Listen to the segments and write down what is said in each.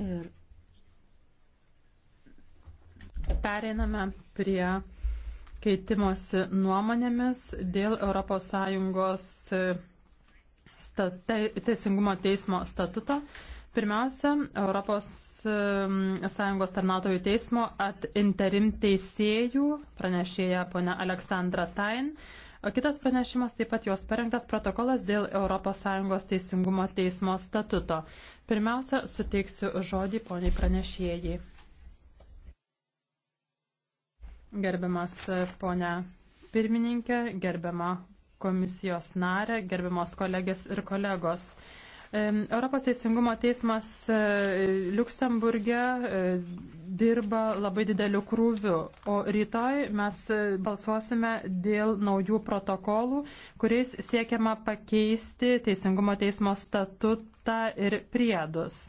Ir pereiname prie keitimosi nuomonėmis dėl ES state, teisingumo teismo statuto. Pirmiausia, ES tarnautojų teismo at interim teisėjų pranešėja ponia Aleksandra Tain. O kitas pranešimas taip pat jos parengtas protokolas dėl ES teisingumo teismo statuto. Pirmiausia, suteiksiu žodį poniai pranešėjai. Gerbiamas e, ponia pirmininkė, gerbiama komisijos narė, gerbiamos kolegės ir kolegos. Europos teisingumo teismas e, Luksemburgė e, dirba labai dideliu krūviu, o rytoj mes e, balsuosime dėl naujų protokolų, kuriais siekiama pakeisti teisingumo teismo statutą ir priedus.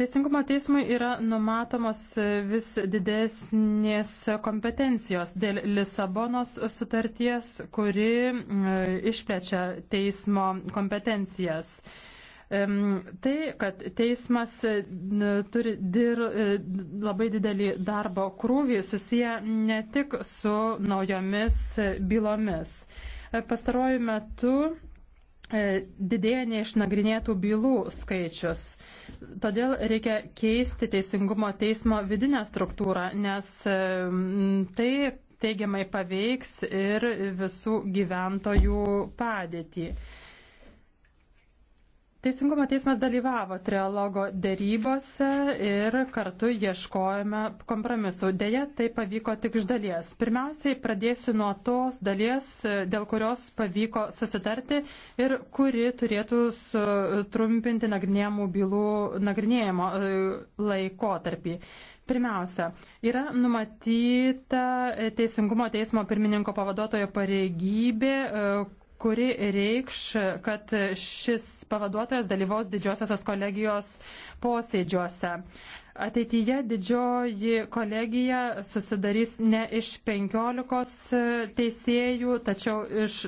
Teisingumo teismui yra numatomos vis didesnės kompetencijos dėl Lisabonos sutarties, kuri išplečia teismo kompetencijas. Tai, kad teismas e, turi dir, e, labai didelį darbo krūvį, susiję ne tik su naujomis e, bylomis. Pastaruoju metu didėja neišnagrinėtų bylų skaičius. Todėl reikia keisti teisingumo teismo vidinę struktūrą, nes tai teigiamai paveiks ir visų gyventojų padėtį. Teisingumo teismas dalyvavo trialogo dėrybose ir kartu ieškojame kompromisų. Deja, tai pavyko tik iš dalies. Pirmiausiai pradėsiu nuo tos dalies, dėl kurios pavyko susitarti ir kuri turėtų sutrumpinti nagrinėjimų bylų nagrinėjimo e, laikotarpį. Pirmiausia, yra numatyta Teisingumo teismo pirmininko pavaduotojo pareigybė, e, kuri reikš, kad šis pavaduotojas dalyvaus didžiosios kolegijos posėdžiuose. Ateityje didžioji kolegija susidarys ne iš penkiolikos teisėjų, tačiau iš,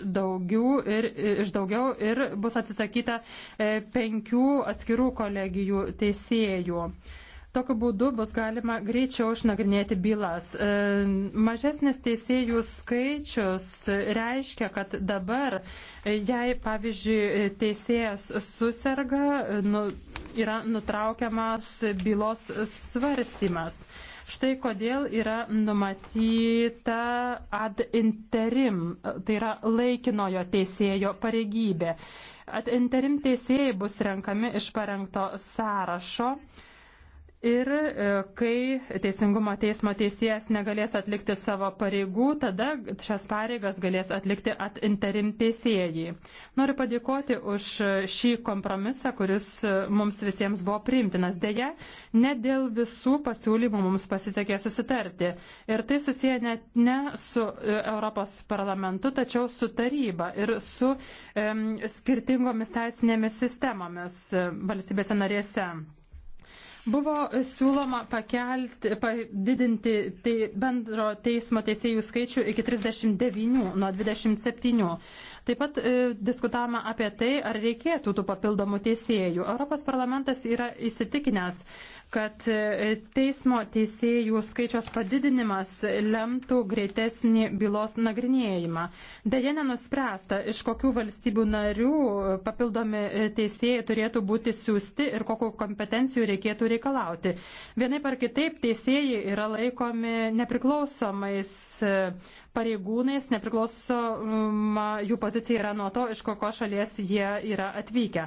ir, iš daugiau ir bus atsisakyta e, penkių atskirų kolegijų teisėjų. Tokiu būdu bus galima greičiau išnagrinėti bylas. E, mažesnis teisėjų skaičius reiškia, kad dabar, e, jei, pavyzdžiui, teisėjas susirga, e, nu, yra nutraukiamas bylos svarstymas. Štai kodėl yra numatyta ad interim, tai yra laikinojo teisėjo pareigybė. Ad interim teisėjai bus renkami iš parengto sąrašo. Ir e, kai Teisingumo teismo teisėjas negalės atlikti savo pareigų, tada šias pareigas galės atlikti at interim teisėjai. Noriu padėkoti už šį kompromisą, kuris e, mums visiems buvo priimtinas. Deja, ne dėl visų pasiūlymų mums pasisekė susitarti. Ir tai susiję net ne su e, Europos parlamentu, tačiau su taryba ir su um, skirtingomis teisinėmis sistemomis valstybėse narėse. Buvo siūloma pakelti, padidinti tai bendro teismo teisėjų skaičių iki 39 nuo 27. Taip pat e, diskutavome apie tai, ar reikėtų tų papildomų teisėjų. Europos parlamentas yra įsitikinęs, kad e, teismo teisėjų skaičios padidinimas lemtų greitesnį bylos nagrinėjimą. Deja nenuspręsta, iš kokių valstybių narių e, papildomi e, teisėjai turėtų būti siūsti ir kokiu kompetencijų reikėtų reikalauti. Vienaip ar kitaip teisėjai yra laikomi nepriklausomais pareigūnais, nepriklausoma jų pozicija yra nuo to, iš kokios šalies jie yra atvykę.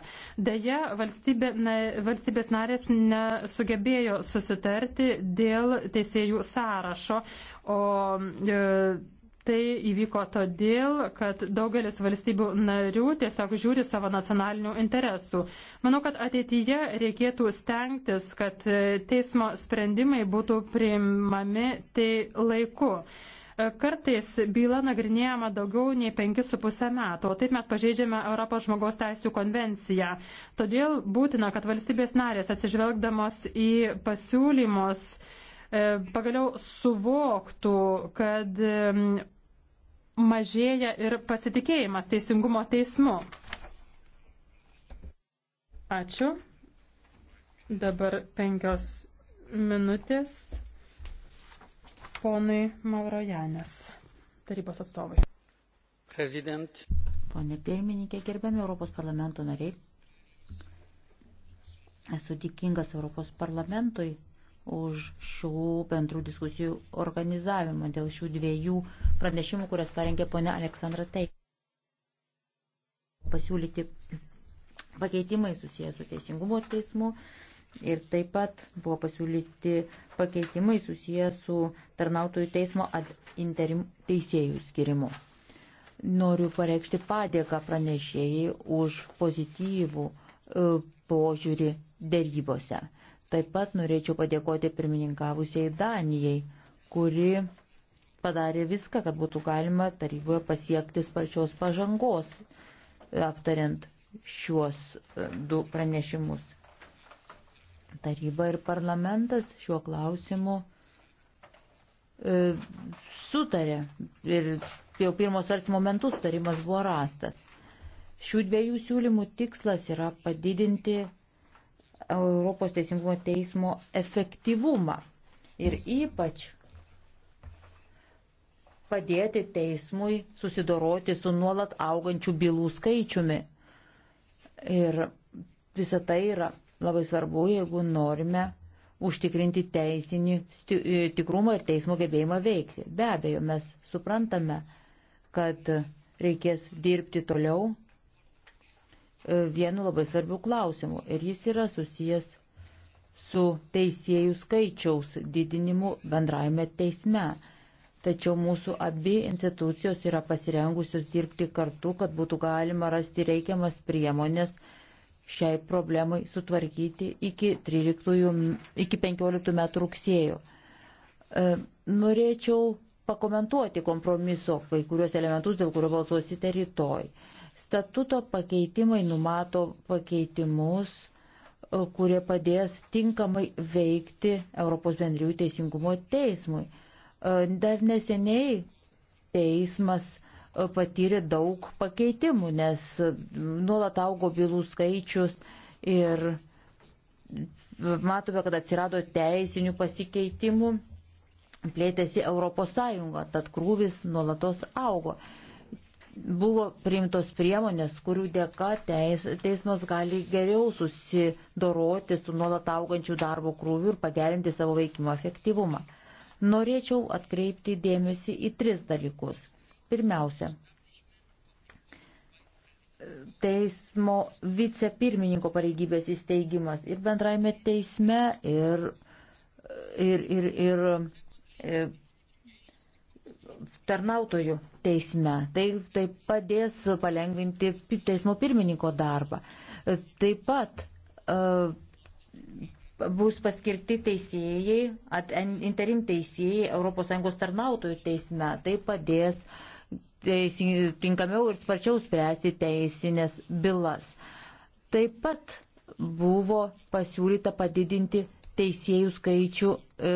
Deja, valstybė, na, valstybės narės nesugebėjo susitarti dėl teisėjų sąrašo, o e, Tai įvyko todėl, kad daugelis valstybių narių tiesiog žiūri savo nacionalinių interesų. Manau, kad ateityje reikėtų stengtis, kad e, teismo sprendimai būtų priimami tai laiku. E, kartais byla nagrinėjama daugiau nei 5,5 metų, o taip mes pažeidžiame Europos žmogaus teisų konvenciją. Todėl būtina, kad valstybės narės atsižvelgdamos į pasiūlymus e, pagaliau suvoktų, kad e, mažėja ir pasitikėjimas teisingumo teismu. Ačiū. Dabar penkios minutės ponui Maurojanės, tarybos atstovai. President. Pone pirmininkė, gerbiami Europos parlamento nariai. Esu dėkingas Europos parlamentui už šių bendrų diskusijų organizavimą dėl šių dviejų pranešimų, kurias parengė ponia Aleksandra Teik. Pasiūlyti pakeitimai susijęs su teisingumo teismu Ir taip pat buvo pasiūlyti pakeitimai susiję su tarnautojų teismo ad interim teisėjų skirimu. Noriu pareikšti padėką pranešėjai už pozityvų e, požiūrį dėrybose. Taip pat norėčiau padėkoti pirmininkavusiai Danijai, kuri padarė viską, kad būtų galima taryboje pasiekti sparčios pažangos, e, aptariant šiuos e, du pranešimus. Taryba ir parlamentas šiuo klausimu e, sutarė ir jau pirmos svarstymo momentų sutarimas buvo rastas. Šių dviejų siūlymų tikslas yra padidinti Europos Teisingumo teismo efektyvumą ir ypač padėti teismui susidoroti su nuolat augančių bylų skaičiumi. Ir visa tai yra labai svarbu, jeigu norime užtikrinti teisinį e, tikrumą ir teismo gebėjimą veikti. Be abejo, mes suprantame, kad reikės dirbti toliau e, vienu labai svarbiu klausimu ir jis yra susijęs su teisėjų skaičiaus didinimu bendraime teisme. Tačiau mūsų abi institucijos yra pasirengusios dirbti kartu, kad būtų galima rasti reikiamas priemonės, šiai problemai sutvarkyti iki, 13, iki 15 metų rugsėjo. E, norėčiau pakomentuoti kompromiso kai kurios elementus, dėl kurio balsuosite rytoj. Statuto pakeitimai numato pakeitimus, e, kurie padės tinkamai veikti Europos bendrijų teisingumo teismui. E, dar neseniai teismas patyrė daug pakeitimų, nes nuolat augo bylų skaičius ir matome, kad atsirado teisinių pasikeitimų, plėtėsi Europos Sąjunga, tad krūvis nuolatos augo. Buvo priimtos priemonės, kurių dėka teis, teismas gali geriau susidoroti su nuolat augančiu darbo krūviu ir pagerinti savo veikimo efektyvumą. Norėčiau atkreipti dėmesį į tris dalykus Pirmiausia, teismo vicepirmininko pareigybės įsteigimas ir bendraime teisme ir, ir, ir, ir, ir e, tarnautojų teisme. Tai, tai padės palengvinti teismo pirmininko darbą. E, taip pat uh, bus paskirti teisėjai, interim teisėjai ES tarnautojų teisme. Tai padės uh, teising, tinkamiau ir sparčiau spręsti teisinės bylas. Taip pat buvo pasiūlyta padidinti teisėjų skaičių e,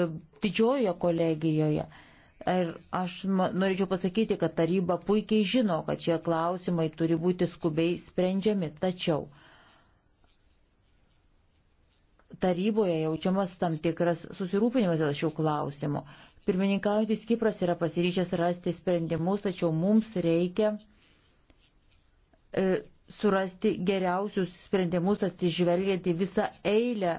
didžiojoje kolegijoje. Ir aš norėčiau pasakyti, kad taryba puikiai žino, kad šie klausimai turi būti skubiai sprendžiami. Tačiau taryboje jaučiamas tam tikras susirūpinimas dėl šių klausimų. Pirmininkaujantis Kipras yra pasiryžęs rasti sprendimus, tačiau mums reikia e, surasti geriausius sprendimus atsižvelgiant į visą eilę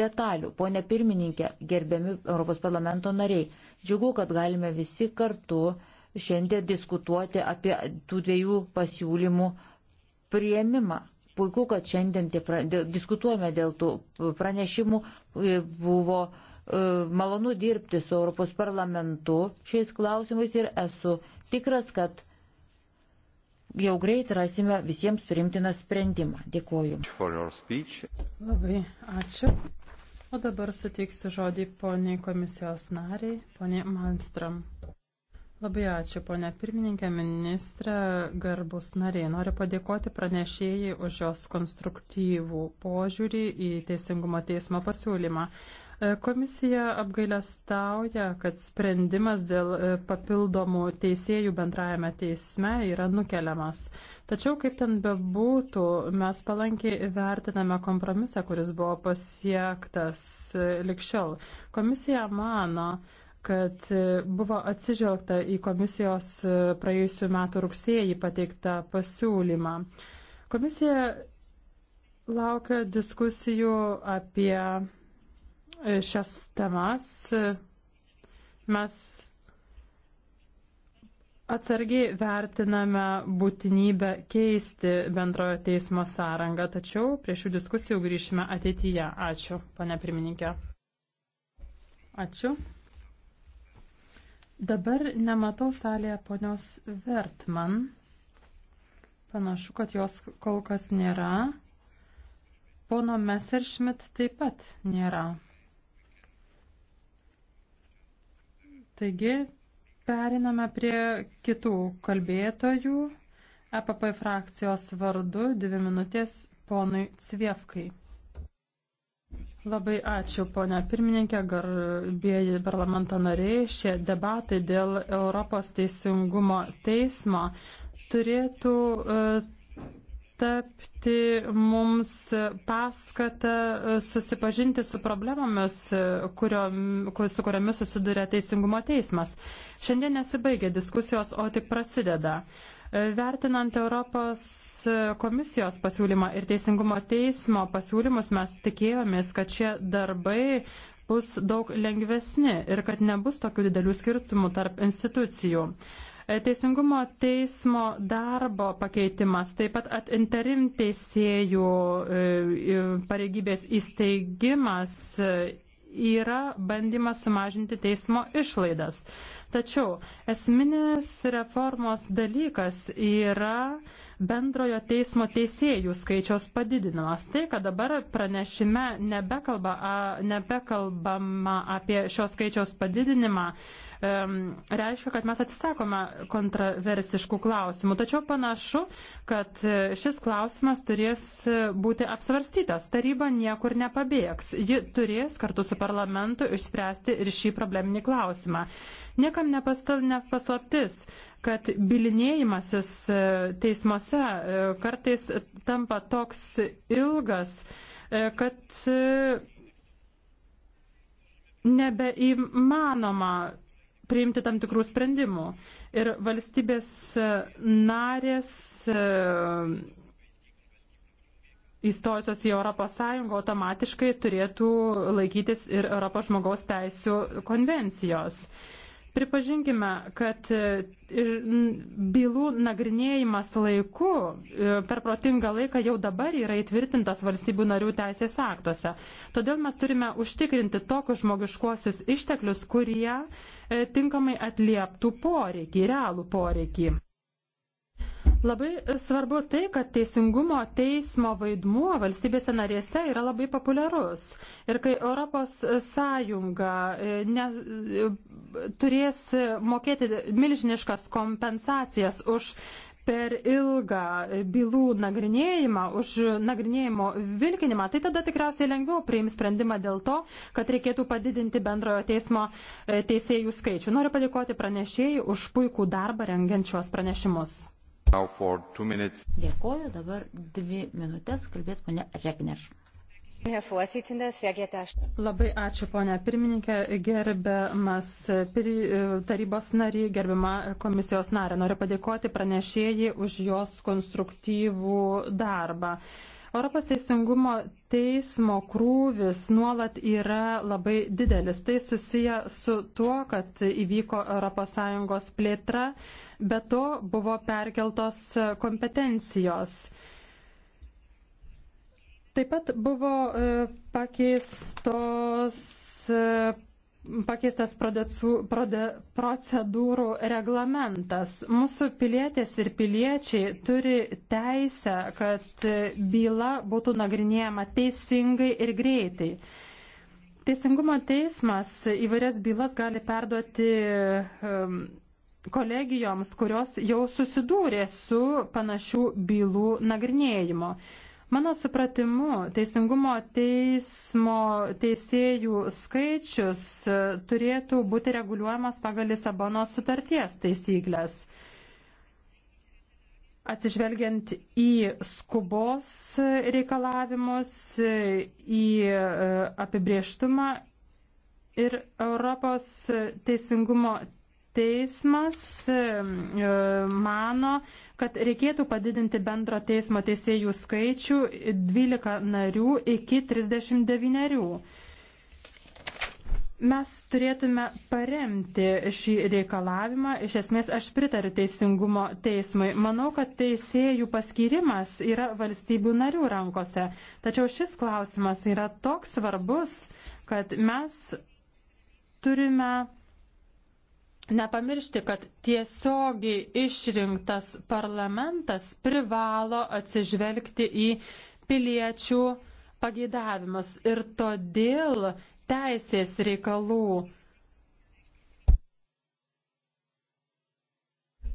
detalių. Pone pirmininkė, gerbiami Europos parlamento nariai, džiugu, kad galime visi kartu šiandien diskutuoti apie tų dviejų pasiūlymų prieimimą. Puiku, kad šiandien tie pra... diskutuojame dėl tų pranešimų. E, buvo uh, E, malonu dirbti su Europos parlamentu šiais klausimais ir esu tikras, kad jau greit rasime visiems primtiną sprendimą. Dėkuoju. Labai ačiū. O dabar suteiksiu žodį poniai komisijos nariai, poniai Malmstram. Labai ačiū, ponia pirmininkė, ministrė, garbus nariai. Noriu padėkoti pranešėjai už jos konstruktyvų požiūrį į Teisingumo teismo pasiūlymą. E, komisija apgailestauja, kad sprendimas dėl e, papildomų teisėjų bendrajame teisme yra nukeliamas. Tačiau, kaip ten bebūtų, mes palankiai vertiname kompromisą, kuris buvo pasiektas e, likščiau. Komisija mano, kad buvo atsižvelgta į komisijos praėjusiu metu rugsėjį pateiktą pasiūlymą. Komisija laukia diskusijų apie šias temas mes atsargiai vertiname būtinybę keisti bendrojo teismo sąrangą, tačiau prie šių diskusijų grįšime ateityje. Ačiū, pane pirmininkė. Ačiū. Dabar nematau salėje ponios Vertman. Panašu, kad jos kol kas nėra. Pono Messerschmidt taip pat nėra. Taigi, periname prie kitų kalbėtojų. EPP frakcijos vardu dvi minutės ponui Cviefkai. Labai ačiū, ponia pirmininkė, garbėjai parlamento nariai. Šie debatai dėl Europos teisingumo teismo turėtų e, tapti mums paskata susipažinti su problemomis, kurio, su kuriomis susiduria Teisingumo teismas. Šiandien nesibaigia diskusijos, o tik prasideda. Vertinant Europos komisijos pasiūlymą ir Teisingumo teismo pasiūlymus, mes tikėjomės, kad šie darbai bus daug lengvesni ir kad nebus tokių didelių skirtumų tarp institucijų. Teisingumo teismo darbo pakeitimas, taip pat at interim teisėjų e, pareigybės įsteigimas e, yra bandymas sumažinti teismo išlaidas. Tačiau esminis reformos dalykas yra bendrojo teismo teisėjų skaičiaus padidinimas. Tai, kad dabar pranešime nebekalba, a, nebekalbama apie šios skaičiaus padidinimą, reiškia, kad mes atsisakome kontroversiškų klausimų. Tačiau panašu, kad šis klausimas turės būti apsvarstytas. Taryba niekur nepabėgs. Ji turės kartu su parlamentu išspręsti ir šį probleminį klausimą. Niekam nepaslaptis, kad bilinėjimasis e, teismuose e, kartais tampa toks ilgas, e, kad nebeįmanoma priimti tam tikrų sprendimų. Ir valstybės narės įstojusios į Europos Sąjungą automatiškai turėtų laikytis ir Europos žmogaus teisų konvencijos. Pripažinkime, kad e, bylų nagrinėjimas laiku e, per protingą laiką jau dabar yra įtvirtintas valstybių narių teisės aktuose. Todėl mes turime užtikrinti tokius žmogiškuosius išteklius, kurie e, tinkamai atlieptų poreikį, realų poreikį. Labai svarbu tai, kad teisingumo teismo vaidmuo valstybėse narėse yra labai populiarus. Ir kai Europos Sąjunga e, ne, e, turės mokėti milžiniškas kompensacijas už per ilgą bylų nagrinėjimą, už nagrinėjimo vilkinimą, tai tada tikriausiai lengviau priims sprendimą dėl to, kad reikėtų padidinti bendrojo teismo e, teisėjų skaičių. Noriu padėkoti pranešėjai už puikų darbą rengiant šios pranešimus. Dėkoju, dabar dvi minutės kalbės ponia Regner. Labai ačiū, ponia pirmininkė, gerbiamas tarybos nariai, gerbiama komisijos narė. Noriu padėkoti pranešėjai už jos konstruktyvų darbą. Europos teisingumo teismo krūvis nuolat yra labai didelis. Tai susiję su tuo, kad įvyko ES plėtra, Be to buvo perkeltos kompetencijos. Taip pat buvo e, pakeistos, e, pakeistas pradėcų, prade, procedūrų reglamentas. Mūsų pilietės ir piliečiai turi teisę, kad e, byla būtų nagrinėjama teisingai ir greitai. Teisingumo teismas įvairias bylas gali perduoti um, kolegijoms, kurios jau susidūrė su panašių bylų nagrinėjimo. Mano supratimu, teisingumo teismo teisėjų skaičius e, turėtų būti reguliuojamas pagal Lisabonos sutarties taisyklės. Atsižvelgiant į skubos reikalavimus, į e, apibrieštumą ir Europos teisingumo teismas e, mano, kad reikėtų padidinti bendro teismo teisėjų skaičių 12 narių iki 39 narių. Mes turėtume paremti šį reikalavimą. Iš esmės, aš pritariu teisingumo teismui. Manau, kad teisėjų paskirimas yra valstybių narių rankose. Tačiau šis klausimas yra toks svarbus, kad mes turime nepamiršti, kad tiesiogiai išrinktas parlamentas privalo atsižvelgti į piliečių pageidavimus ir todėl teisės reikalų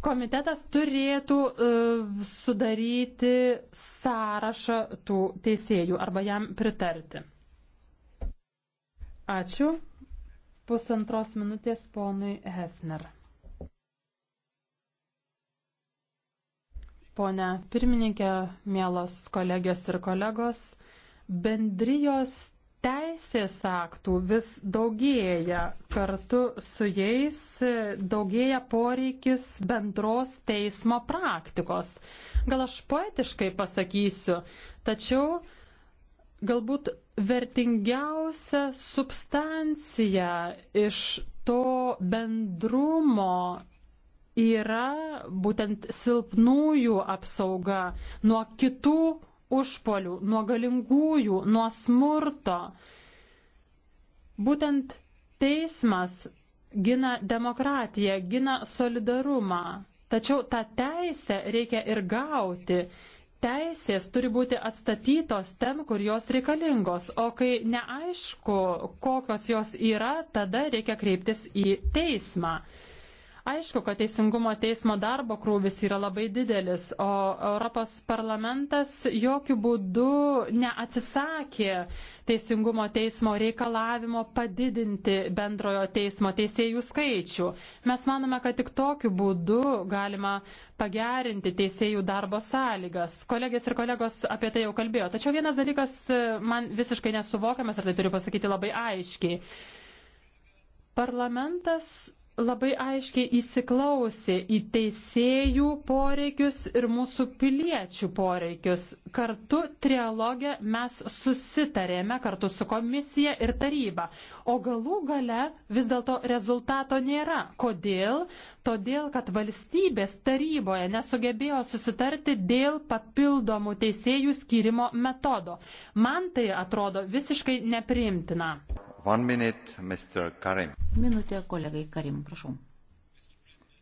komitetas turėtų uh, sudaryti sąrašą tų teisėjų arba jam pritarti. Ačiū pusantros minutės ponui Hefner. Pone pirmininkė, mielos kolegės ir kolegos, bendrijos teisės aktų vis daugėja, kartu su jais daugėja poreikis bendros teismo praktikos. Gal aš poetiškai pasakysiu, tačiau galbūt vertingiausią substanciją iš to bendrumo yra būtent silpnųjų apsauga nuo kitų užpolių, nuo galingųjų, nuo smurto. Būtent teismas gina demokratiją, gina solidarumą. Tačiau tą teisę reikia ir gauti teisės turi būti atstatytos ten, kur jos reikalingos, o kai neaišku, kokios jos yra, tada reikia kreiptis į teismą. Aišku, kad Teisingumo teismo darbo krūvis yra labai didelis, o Europos parlamentas jokių būdų neatsisakė Teisingumo teismo reikalavimo padidinti bendrojo teismo teisėjų skaičių. Mes manome, kad tik tokiu būdu galima pagerinti teisėjų darbo sąlygas. Kolegės ir kolegos apie tai jau kalbėjo. Tačiau vienas dalykas man visiškai nesuvokiamas, ir tai turiu pasakyti labai aiškiai. Parlamentas labai aiškiai įsiklausė į teisėjų poreikius ir mūsų piliečių poreikius. Kartu trialogę mes susitarėme kartu su komisija ir taryba. O galų gale vis dėlto rezultato nėra. Kodėl? Todėl, kad valstybės taryboje nesugebėjo susitarti dėl papildomų teisėjų skirimo metodo. Man tai atrodo visiškai nepriimtina. Minute, Minutė kolegai Karim, prašau.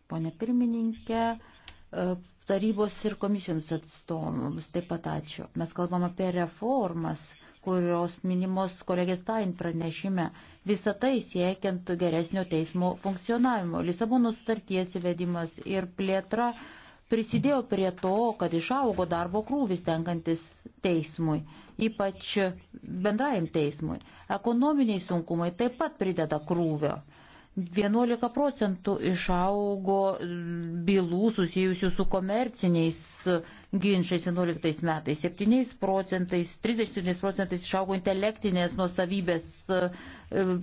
Pone pirmininkė, e, tarybos ir komisijoms atstovams taip pat ačiū. Mes kalbam apie reformas, kurios minimos kolegės Tain pranešime. Visą tai siekiant geresnio teismo funkcionavimo. Lisabono sutarties įvedimas ir plėtra prisidėjo prie to, kad išaugo darbo krūvis tenkantis teismui, ypač bendrajam teismui. Ekonominiai sunkumai taip pat prideda krūvio. 11 procentų išaugo mm, bylų susijusių su komerciniais mm, ginčiais 11 metais, 7 procentais, 37 procentais išaugo intelektinės nuosavybės mm,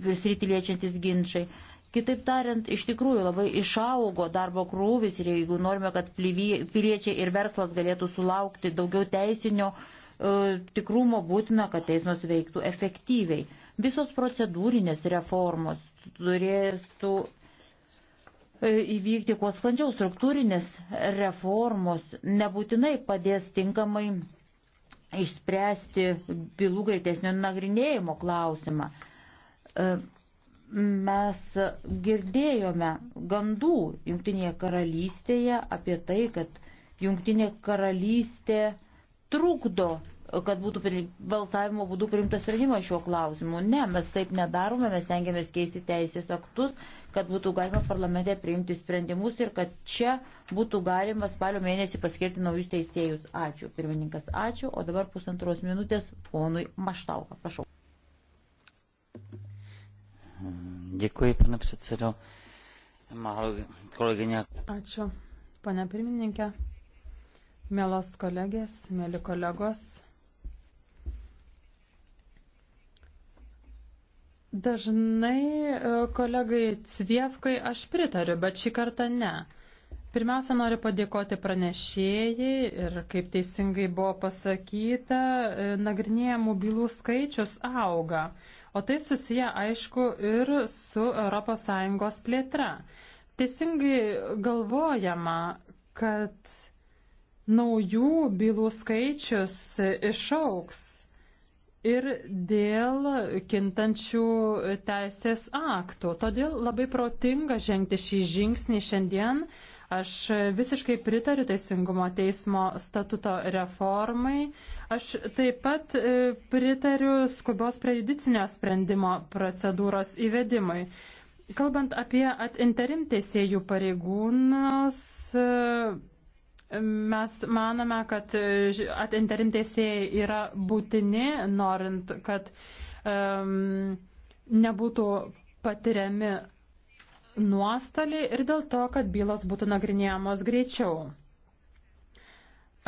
e, sritiliečiantis ginčiai. Kitaip tariant, iš tikrųjų labai išaugo darbo krūvis ir jeigu norime, kad piliečiai ir verslas galėtų sulaukti daugiau teisinio E, tikrumo būtina, kad teismas veiktų efektyviai. Visos procedūrinės reformos turėtų e, įvykti kuo sklandžiau. Struktūrinės reformos nebūtinai padės tinkamai išspręsti bylų greitesnio nagrinėjimo klausimą. E, mes girdėjome gandų Junktinėje karalystėje apie tai, kad Junktinė karalystė trukdo kad būtų balsavimo būdų priimtas sprendimas šiuo klausimu. Ne, mes taip nedarome, mes tengiamės keisti teisės aktus, kad būtų galima parlamente priimti sprendimus ir kad čia būtų galima spalio mėnesį paskirti naujus teisėjus. Ačiū, pirmininkas, ačiū. O dabar pusantros minutės ponui Maštauka, prašau. Dėkui, pane předsedo. Málo kolegyně. Ačiū, pane pirmininkė. Mielos kolegės, mėly kolegos, dažnai e, kolegai Cvievkai aš pritariu, bet šį kartą ne. Pirmiausia, noriu padėkoti pranešėjai ir, kaip teisingai buvo pasakyta, e, nagrinėjimų bylų skaičius auga, o tai susiję, aišku, ir su ES plėtra. Teisingai galvojama, kad naujų bylų skaičius išauks ir dėl kintančių teisės aktų. Todėl labai protinga žengti šį žingsnį šiandien. Aš visiškai pritariu Teisingumo teismo statuto reformai. Aš taip pat e, pritariu skubios prejudicinio sprendimo procedūros įvedimui. Kalbant apie interim teisėjų pareigūnus, e, Mes manome, kad interim teisėjai yra būtini, norint, kad um, nebūtų patiriami nuostoliai ir dėl to, kad bylos būtų nagrinėjamos greičiau.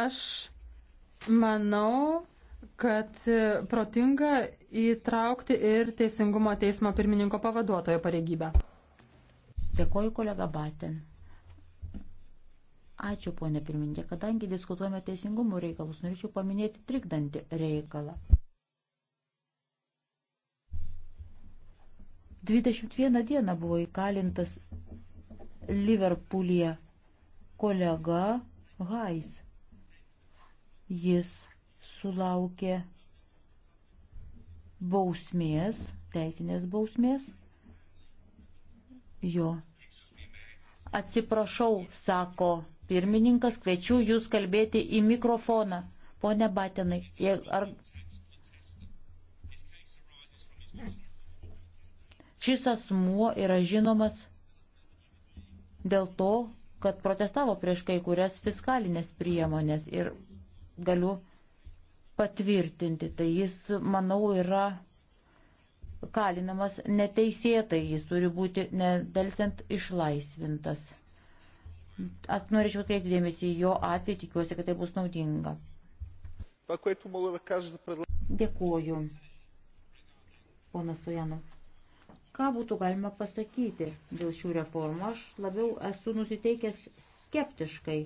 Aš manau, kad protinga įtraukti ir Teisingumo teismo pirmininko pavaduotojo pareigybę. Dėkoju kolega Batin. Ačiū, ponė pirmininkė. Kadangi diskutuojame teisingumo reikalus, norėčiau paminėti trikdantį reikalą. 21 dieną buvo įkalintas Liverpoolyje kolega Hais. Jis sulaukė bausmės, teisinės bausmės. Jo. Atsiprašau, sako pirmininkas, kviečiu jūs kalbėti į mikrofoną. Pone Batinai, ar... Šis asmuo yra žinomas dėl to, kad protestavo prieš kai kurias fiskalinės priemonės ir galiu patvirtinti. Tai jis, manau, yra kalinamas neteisėtai, jis turi būti nedelsiant išlaisvintas. At, norėčiau kreipti dėmesį į jo atvejį, tikiuosi, kad tai bus naudinga. Dėkuoju, ponas Stojanov. Ką būtų galima pasakyti dėl šių reformų? Aš labiau esu nusiteikęs skeptiškai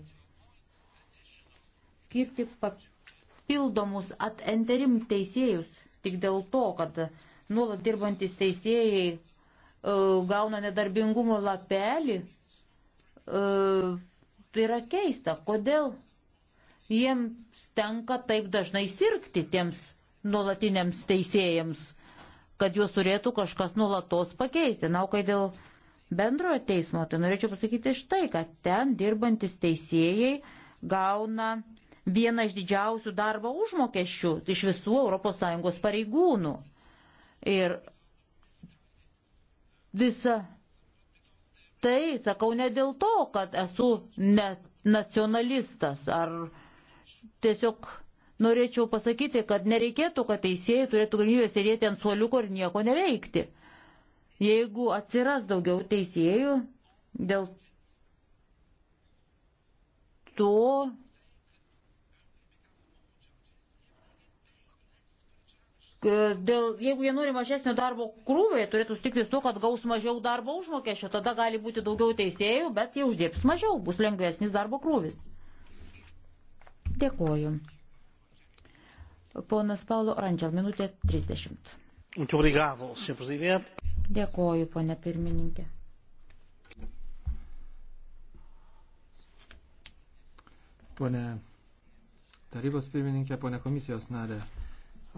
skirti papildomus atenterim teisėjus tik dėl to, kad nuolat dirbantis teisėjai e, gauna nedarbingumo lapelį Uh, yra keista, kodėl jiems tenka taip dažnai sirgti tiems nuolatiniams teisėjams, kad juos turėtų kažkas nuolatos pakeisti. Na, o kai dėl bendrojo teismo, tai norėčiau pasakyti štai, kad ten dirbantis teisėjai gauna vieną iš didžiausių darbo užmokesčių iš visų ES pareigūnų. Ir visa tai sakau ne dėl to, kad esu net nacionalistas ar tiesiog norėčiau pasakyti, kad nereikėtų, kad teisėjai turėtų galimybę sėdėti ant suoliuko ir nieko neveikti. Jeigu atsiras daugiau teisėjų, dėl to E, dėl, jeigu jie nori mažesnio darbo krūvio, jie turėtų stiktis to, kad gaus mažiau darbo užmokesčio, tada gali būti daugiau teisėjų, bet jie uždirbs mažiau, bus lengvesnis darbo krūvis. Dėkoju. Ponas Paulo Rančel, minutė 30. Obrigado, Dėkoju, ponė pirmininkė. Pone tarybos pirmininkė, pone komisijos narė,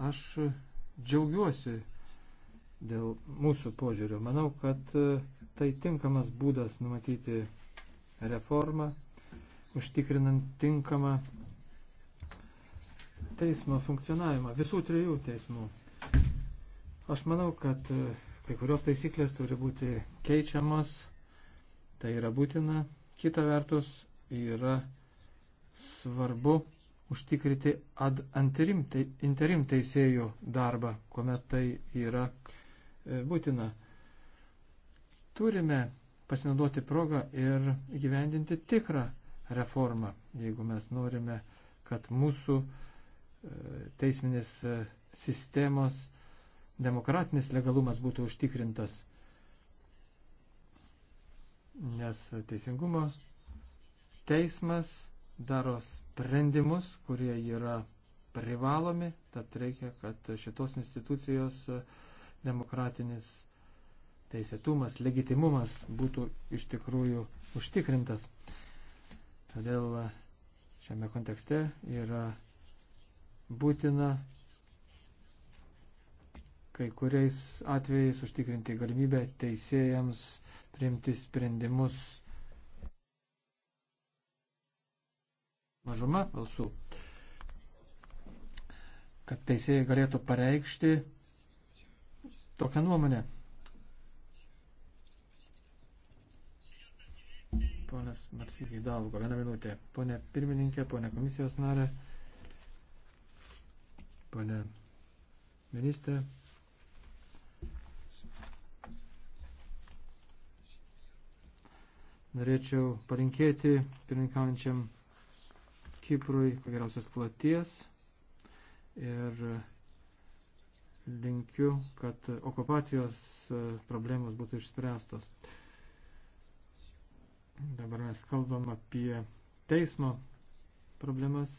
aš džiaugiuosi dėl mūsų požiūrio. Manau, kad e, tai tinkamas būdas numatyti reformą, užtikrinant tinkamą teismo funkcionavimą, visų trijų teismų. Aš manau, kad e, kai kurios taisyklės turi būti keičiamos, tai yra būtina. Kita vertus, yra svarbu užtikrinti ad interim, interim teisėjų darbą, kuomet tai yra e, būtina. Turime pasinaudoti progą ir gyvendinti tikrą reformą, jeigu mes norime, kad mūsų e, teisminės e, sistemos demokratinis legalumas būtų užtikrintas. Nes teisingumo teismas daro sprendimus, kurie yra privalomi, tad reikia, kad šitos institucijos e, demokratinis teisėtumas, legitimumas būtų iš tikrųjų užtikrintas. Todėl e, šiame kontekste yra būtina kai kuriais atvejais užtikrinti galimybę teisėjams priimti sprendimus mažuma balsų, kad teisėjai galėtų pareikšti tokią nuomonę. Ponas Marsygiai Dalgo, vieną minutę. Pone pirmininkė, pone komisijos narė, pone ministrė. Norėčiau palinkėti pirmininkaujančiam Kiprui geriausios platies ir linkiu, kad okupacijos e, problemos būtų išspręstos. Dabar mes kalbam apie teismo problemas.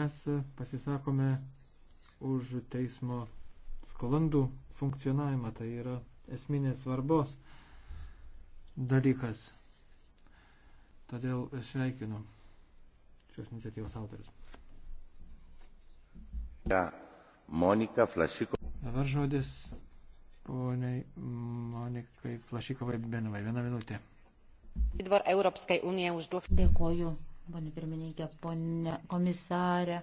Mes pasisakome už teismo skolandų funkcionavimą, tai yra esminės svarbos dalykas. Todėl sveikinu šios iniciatyvos autorius. Ja, Monika Flašiko. Dabar žodis poniai Monikai Flašikovai Benovai. Vieną minutę. Dvor Europskai unija užduok. Dėkoju, ponė pirmininkė, ponė komisarė,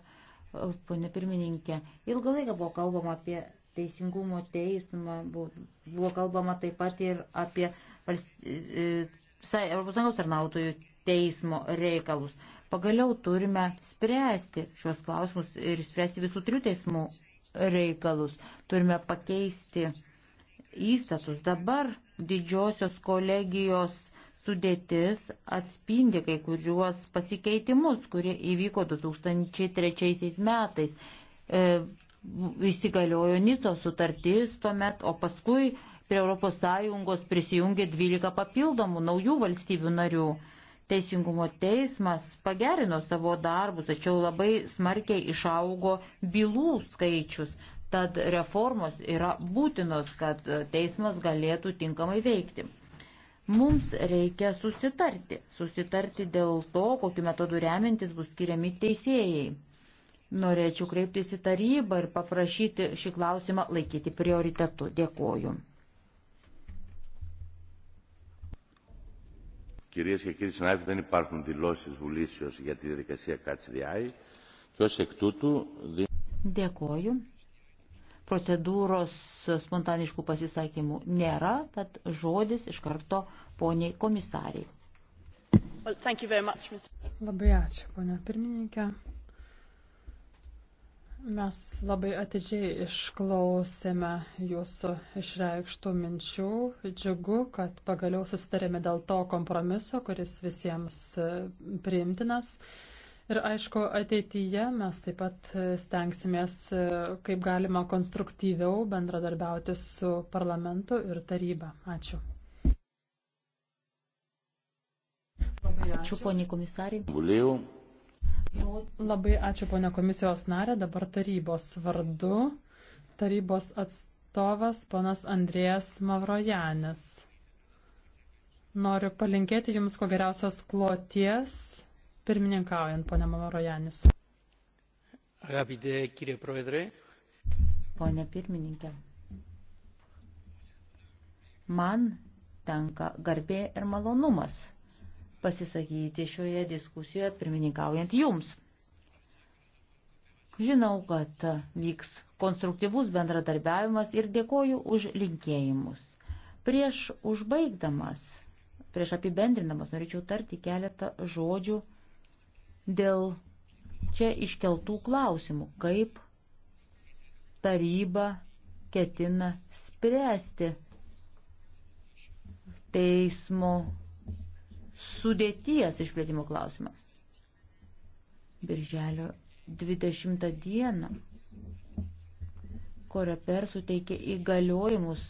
ponė pirmininkė. Ilgą laiką buvo kalbama apie teisingumo teismą, buvo kalbama taip pat ir apie e, Europos Sąjungos tarnautojų teismo reikalus. Pagaliau turime spręsti šios klausimus ir spręsti visų trijų teismų reikalus. Turime pakeisti įstatus. Dabar didžiosios kolegijos sudėtis atspindi kai kuriuos pasikeitimus, kurie įvyko 2003 metais. E, įsigaliojo Nico sutartis tuomet, o paskui prie ES prisijungė 12 papildomų naujų valstybių narių. Teisingumo teismas pagerino savo darbus, tačiau labai smarkiai išaugo bylų skaičius. Tad reformos yra būtinos, kad teismas galėtų tinkamai veikti. Mums reikia susitarti. Susitarti dėl to, kokiu metodu remintis bus skiriami teisėjai. Norėčiau kreiptis į tarybą ir paprašyti šį klausimą laikyti prioritetu. Dėkoju. Κυρίες και κύριοι συνάδελφοι, δεν υπάρχουν δηλώσεις βουλήσεως για τη διαδικασία ΚΑΤΣΔΙ και ως εκ τούτου... Dėkoju. Procedūros spontaniškų pasisakymų nėra, tad žodis iš karto poniai komisariai. Well, much, Mr. Labai ačiū, ponia pirmininkė. Mes labai atidžiai išklausėme jūsų išreikštų minčių. Džiugu, kad pagaliau susitarėme dėl to kompromiso, kuris visiems e, priimtinas. Ir aišku, ateityje mes taip pat stengsimės, e, kaip galima konstruktyviau bendradarbiauti su parlamentu ir taryba. Ačiū. Labai ačiū, ačiū poniai komisariai. Nu, labai ačiū, ponia komisijos narė. Dabar tarybos vardu. Tarybos atstovas ponas Andrėjas Mavrojanis. Noriu palinkėti Jums ko geriausios kloties, pirmininkaujant, ponia Mavrojanis. Rapide, kirie proedre. Pone pirmininkė, man tenka garbė ir malonumas pasisakyti šioje diskusijoje pirmininkaujant jums. Žinau, kad vyks konstruktyvus bendradarbiavimas ir dėkoju už linkėjimus. Prieš užbaigdamas, prieš apibendrinamas, norėčiau tarti keletą žodžių dėl čia iškeltų klausimų, kaip taryba ketina spręsti teismo sudėties išplėtimo klausimas. Birželio 20 dieną Koreper suteikė įgaliojimus,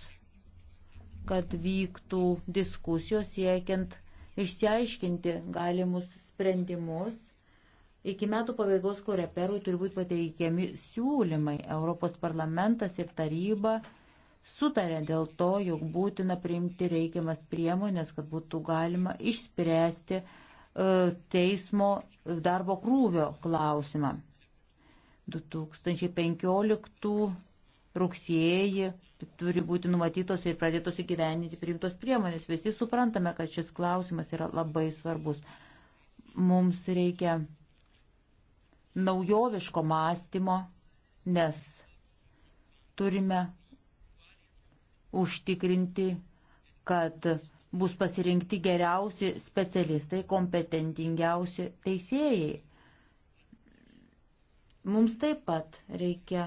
kad vyktų diskusijos siekiant išsiaiškinti galimus sprendimus. Iki metų pabaigos Koreperui turi būti pateikiami siūlymai. Europos parlamentas ir taryba sutarė dėl to, jog būtina priimti reikiamas priemonės, kad būtų galima išspręsti e, teismo darbo krūvio klausimą. 2015 rugsėjį turi būti numatytos ir pradėtos įgyveninti priimtos priemonės. Visi suprantame, kad šis klausimas yra labai svarbus. Mums reikia naujoviško mąstymo, nes turime užtikrinti, kad bus pasirinkti geriausi specialistai, kompetentingiausi teisėjai. Mums taip pat reikia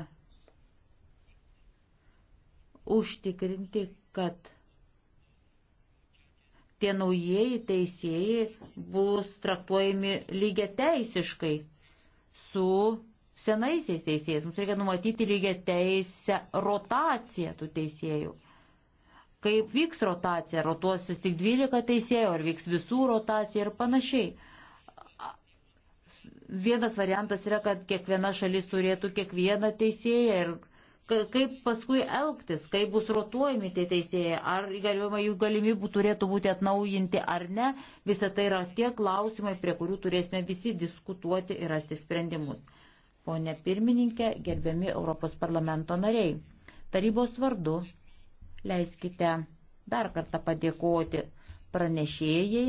užtikrinti, kad tie naujieji teisėjai bus traktuojami lygia teisiškai su senaisiais teisėjais. Mums reikia numatyti lygia teisę rotaciją tų teisėjų kaip vyks rotacija, rotuosis tik 12 teisėjų, ar vyks visų rotacija ir panašiai. Vienas variantas yra, kad kiekviena šalis turėtų kiekvieną teisėją ir kaip paskui elgtis, kaip bus rotuojami tie teisėjai, ar galima jų galimybų turėtų būti atnaujinti ar ne, visa tai yra tie klausimai, prie kurių turėsime visi diskutuoti ir rasti sprendimus. Pone pirmininkė, gerbiami Europos parlamento nariai, tarybos vardu Leiskite dar kartą padėkoti pranešėjai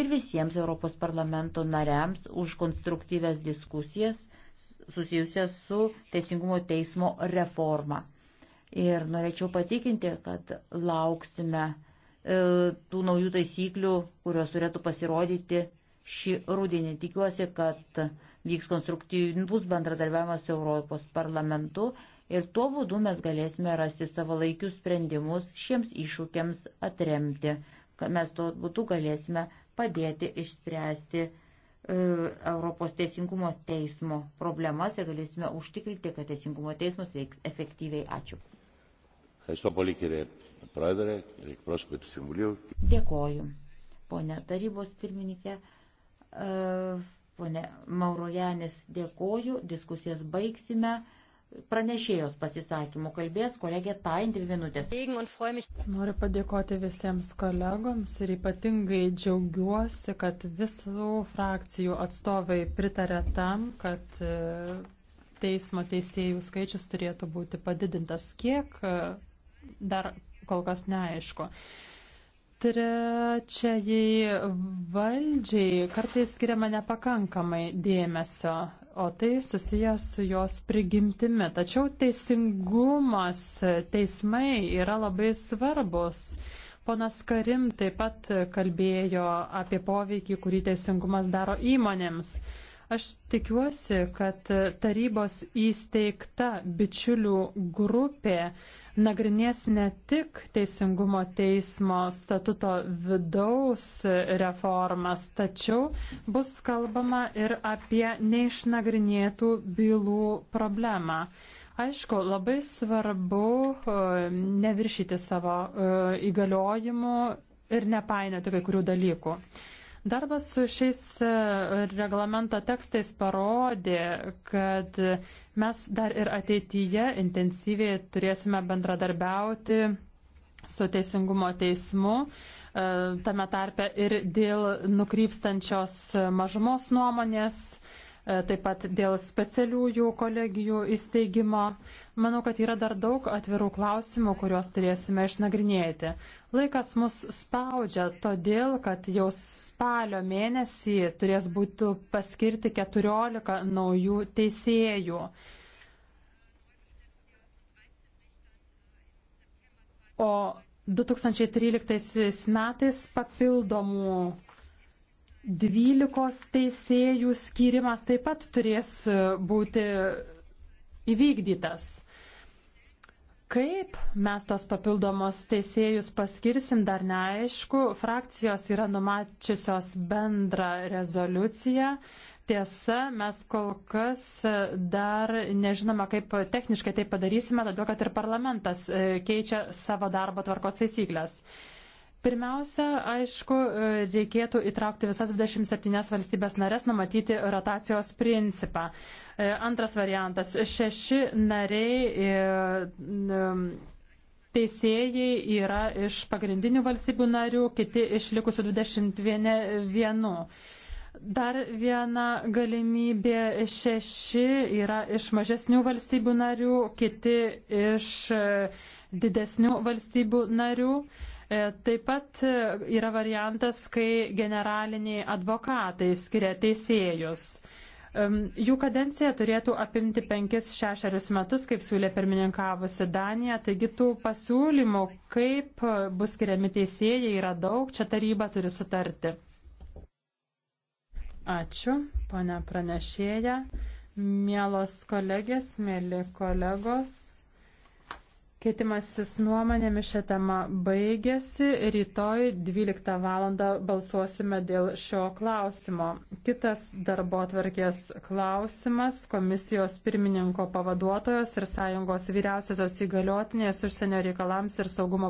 ir visiems Europos parlamento nariams už konstruktyves diskusijas susijusias su Teisingumo teismo reforma. Ir norėčiau patikinti, kad lauksime e, tų naujų taisyklių, kurios turėtų pasirodyti šį rudinį. Tikiuosi, kad vyks konstruktyvus bendradarbiavimas su Europos parlamentu ir tuo būdu mes galėsime rasti savalaikius sprendimus šiems iššūkiams atremti, kad mes tuo būdu galėsime padėti išspręsti e, Europos teisingumo teismo problemas ir galėsime užtikrinti, kad teisingumo teismas veiks efektyviai. Ačiū. Dėkoju, ponė tarybos pirmininkė. E, Pone Maurojanis, dėkoju, diskusijas baigsime pranešėjos pasisakymų. Kalbės kolegė Tain dvi minutės. Noriu padėkoti visiems kolegoms ir ypatingai džiaugiuosi, kad visų frakcijų atstovai pritarė tam, kad e, teismo teisėjų skaičius turėtų būti padidintas. Kiek e, dar kol kas neaišku trečiajai valdžiai kartais skiriama nepakankamai dėmesio o tai susijęs su jos prigimtimi. Tačiau teisingumas, e, teismai yra labai svarbus. Ponas Karim taip pat kalbėjo apie poveikį, kurį teisingumas daro įmonėms. Aš tikiuosi, kad tarybos įsteigta bičiulių grupė nagrinės ne tik Teisingumo teismo statuto vidaus reformas, tačiau bus kalbama ir apie neišnagrinėtų bylų problemą. Aišku, labai svarbu e, neviršyti savo e, įgaliojimų ir nepainioti kai kurių dalykų. Darbas su šiais e, reglamento tekstais parodė, kad mes dar ir ateityje intensyviai turėsime bendradarbiauti su Teisingumo teismu, e, tame tarpe ir dėl nukrypstančios mažumos nuomonės E, taip pat dėl specialiųjų kolegijų įsteigimo. Manau, kad yra dar daug atvirų klausimų, kuriuos turėsime išnagrinėti. Laikas mus spaudžia, todėl, kad jau spalio mėnesį turės būti paskirti 14 naujų teisėjų. O 2013 metais papildomų Dvylikos teisėjų skirimas taip pat turės e, būti įvykdytas. Kaip mes tos papildomos teisėjus paskirsim, dar neaišku. Frakcijos yra numačiusios bendrą rezoliuciją. Tiesa, mes kol kas e, dar nežinome, kaip techniškai tai padarysime, todėl kad ir parlamentas e, keičia savo darbo tvarkos taisyklės. Pirmiausia, aišku, reikėtų įtraukti visas 27 valstybės narės, numatyti rotacijos principą. E, antras variantas - šeši nariai e, teisėjai yra iš pagrindinių valstybių narių, kiti iš likusių 21. Dar viena galimybė - šeši yra iš mažesnių valstybių narių, kiti iš e, didesnių valstybių narių. E, taip pat e, yra variantas, kai generaliniai advokatai skiria teisėjus. Jų kadencija turėtų apimti 5-6 metus, kaip siūlė pirmininkavusi Danija, taigi tų pasiūlymų, kaip bus skiriami teisėjai, yra daug, čia taryba turi sutarti. Ačiū, ponia pranešėja. Mielos kolegės, mėly kolegos. Keitimasis nuomonėmis šią temą baigėsi. Rytoj 12 val. balsuosime dėl šio klausimo. Kitas darbo atvarkės klausimas - komisijos pirmininko pavaduotojos ir sąjungos vyriausiosios įgaliotinės užsienio reikalams ir saugumo